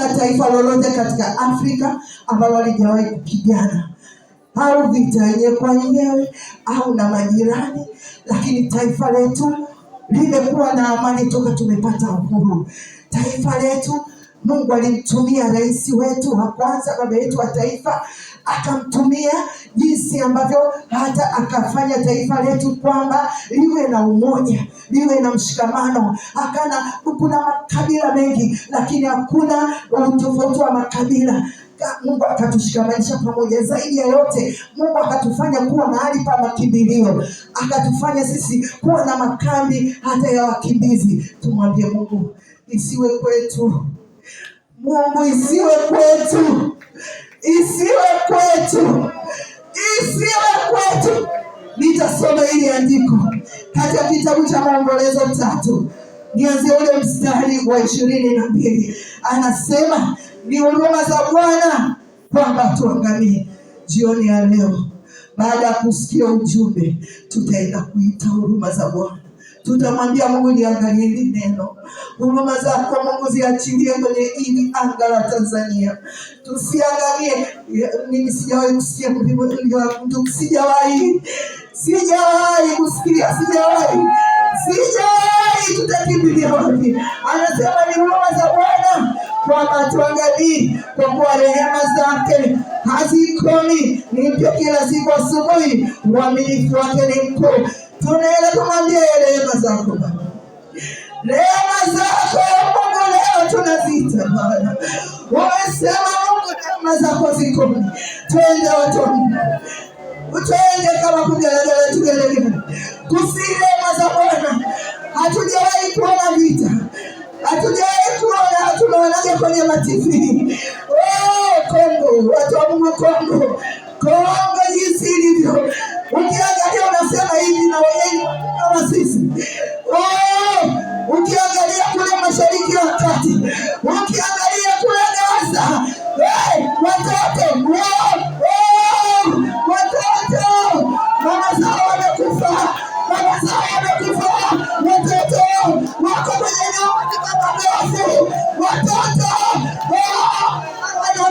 Hakuna taifa lolote katika Afrika ambalo halijawahi kupigana au vita yenyewe kwa yenyewe au na majirani, lakini taifa letu limekuwa na amani toka tumepata uhuru. Taifa letu Mungu alimtumia rais wetu wa kwanza, baba yetu wa taifa akamtumia jinsi ambavyo hata akafanya taifa letu kwamba liwe na umoja, liwe na mshikamano. Hakana, kuna makabila mengi, lakini hakuna utofauti wa makabila. Mungu akatushikamanisha pamoja. Zaidi ya yote, Mungu akatufanya kuwa mahali pa makimbilio, akatufanya sisi kuwa na makambi hata ya wakimbizi. Tumwambie Mungu, isiwe kwetu. Mungu, isiwe kwetu isiwe kwetu, isiwe kwetu. Nitasoma hili andiko katika kitabu cha Maombolezo tatu nianzie ule mstari wa ishirini na mbili anasema ni huruma za Bwana kwamba tuangamie. Jioni ya leo, baada ya kusikia ujumbe, tutaenda kuita huruma za Bwana. Tutamwambia Mungu liangalie hili neno, huruma zako Mungu ziachilie kwenye hili anga la Tanzania. Tusiangalie mimi, sijawahi kusikia mtu, sijawahi sijawahi kusikia, sijawahi sijawahi. Tutakimbilia wapi? Anasema ni huruma za Bwana kwamba tuangalii, kwa kuwa rehema zake hazikomi, ni mpya kila siku asubuhi. Uaminifu wake ni mkuu tunaenda kumwambia rehema zako Baba, rehema zako Mungu leo tunazita Bwana. Umesema Mungu rehema zako ziko, twende watu twende kama kujaladala tugelegele kusi. Rehema za Bwana hatujawahi kuona vita, hatujawahi kuona, tunaonaga kwenye mativi. Oh, Kongo, watu wa Mungu, Kongo, Kongo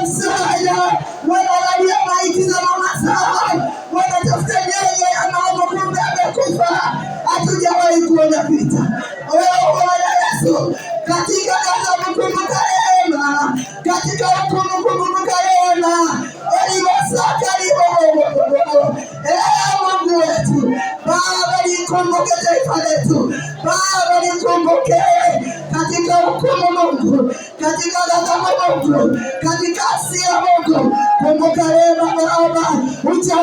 msaada, wanaangalia maiti za mama zao, wanatafuta yeye ambao kumbe amekufa. Hatujawahi kuona vita. Wewe Bwana Yesu, katika adhabu kumbuka rehema, katika hukumu kumbuka rehema uliosakalioo ee Mungu wetu Baba, nikumbuke taifa letu Baba, nikumbuke katika hukumu Mungu, katika adhabu Mungu, katika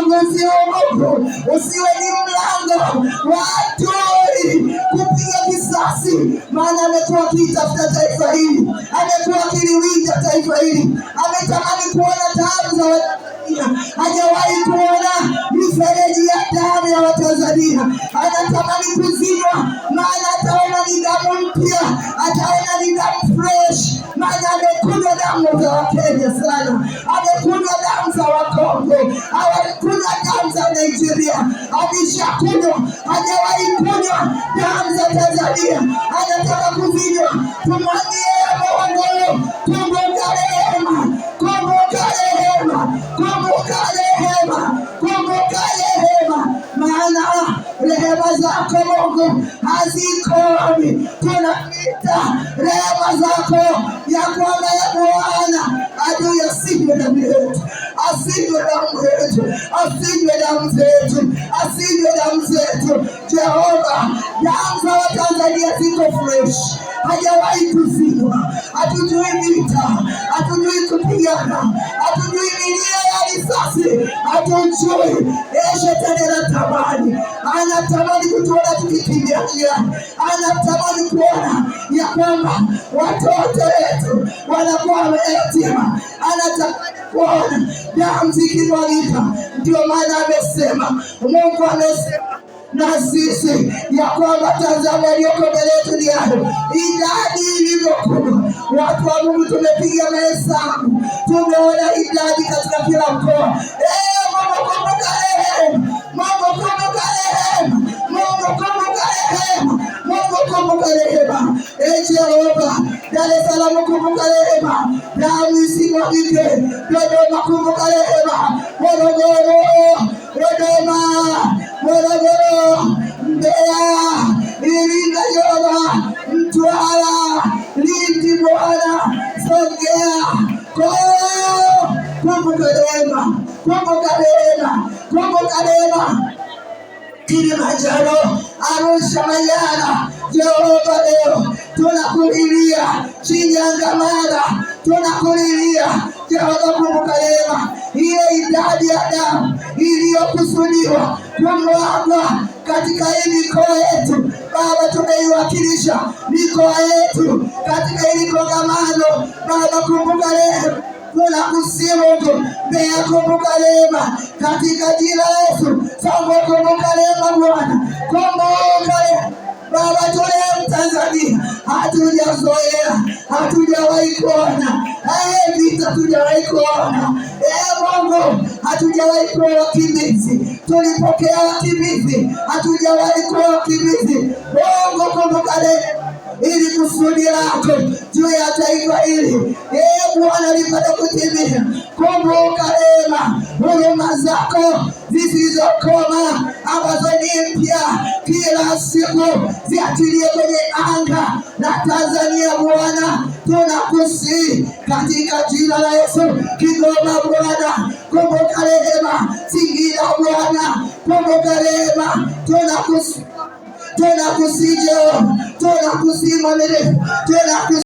mlango usiogopo, usiwe ni mlango wa adui kupiga kisasi, maana amekuwa akitafuta taifa hili, amekuwa akiliwinda taifa hili, ametamani kuona taabu za hajawahi kuona mifereji ya damu ya Watanzania, anatamani kuzima maana ataona ni damu mpya hawaikunywa damu za Nigeria, alishakunywa. Hajawahi kunywa damu za Tanzania, anataka kuzinywa. Tumwambie Yakoondolo, kumbuka rehema, kumbuka rehema, kumbuka rehema, kumbuka rehema, maana rehema zako Mungu hazikomi. Tunapita rehema zako ya kuangalia zetu, asinywe damu zetu, asinywe damu zetu. Jehova, damu za Watanzania ziko fresh, hajawahi kuzinywa. Hatujui vita, hatujui kupigana, hatujui milio ya risasi, hatujui Shetani anatamani, anatamani kutuona ana anatamani kuona ya kwamba watoto wetu wanakuwa yatima, anatamani kwani damu zikimwagika. Ndio maana amesema Mungu amesema na sisi ya kwamba Tanzania iliyoko mbele yetu ni yayo idadi ilivyokuwa. Watu wa Mungu, tumepiga mahesabu, tumeona idadi katika kila mkoa. Ee, Neema, Dar es Salaam kumbuka neema, Hamisi Mwagige, Dodoma kumbuka neema, Morogoro, Dodoma, Morogoro, Mbeya, Iringa, Jehova, Mtwara, Lindi, Bwana, Songea, Koo, kumbuka neema, kumbuka neema, kumbuka neema, Kilimanjaro, Arusha, Manyara, Jehova leo tunakulilia Shinyanga, tunakulilia Jehova, kumbuka rehema ile idadi ya damu iliyokusudiwa kumwagwa katika hii mikoa yetu Baba, tumeiwakilisha mikoa yetu katika hili kongamano Baba, kumbuka rehema kuna Mungu Mbeya, kumbuka rehema katika jina Yesu Sango, kumbuka rehema Bwana, kumbuka Baba tule fulani hatujazoea, hatujawahi kuona eh, vita, hatujawahi kuona eh, Mungu, hatujawahi kuwa wakimbizi. Tulipokea wakimbizi, hatujawahi kuwa wakimbizi. Mungu, kumbuka ili kusudi lako juu ya taifa hili, ee Bwana, lipate kutimia. Kumbuka rehema zako zisizokoma ambazo ni mpya kila siku, ziachilie kwenye anga na Tanzania. Bwana tunakusihi katika jina la Yesu. Kigoma Bwana kumbuka rehema. Singida Bwana kumbuka rehema. Tunakusihi, tunakusihi Jeho, tunakusihi mwanere tunakusihi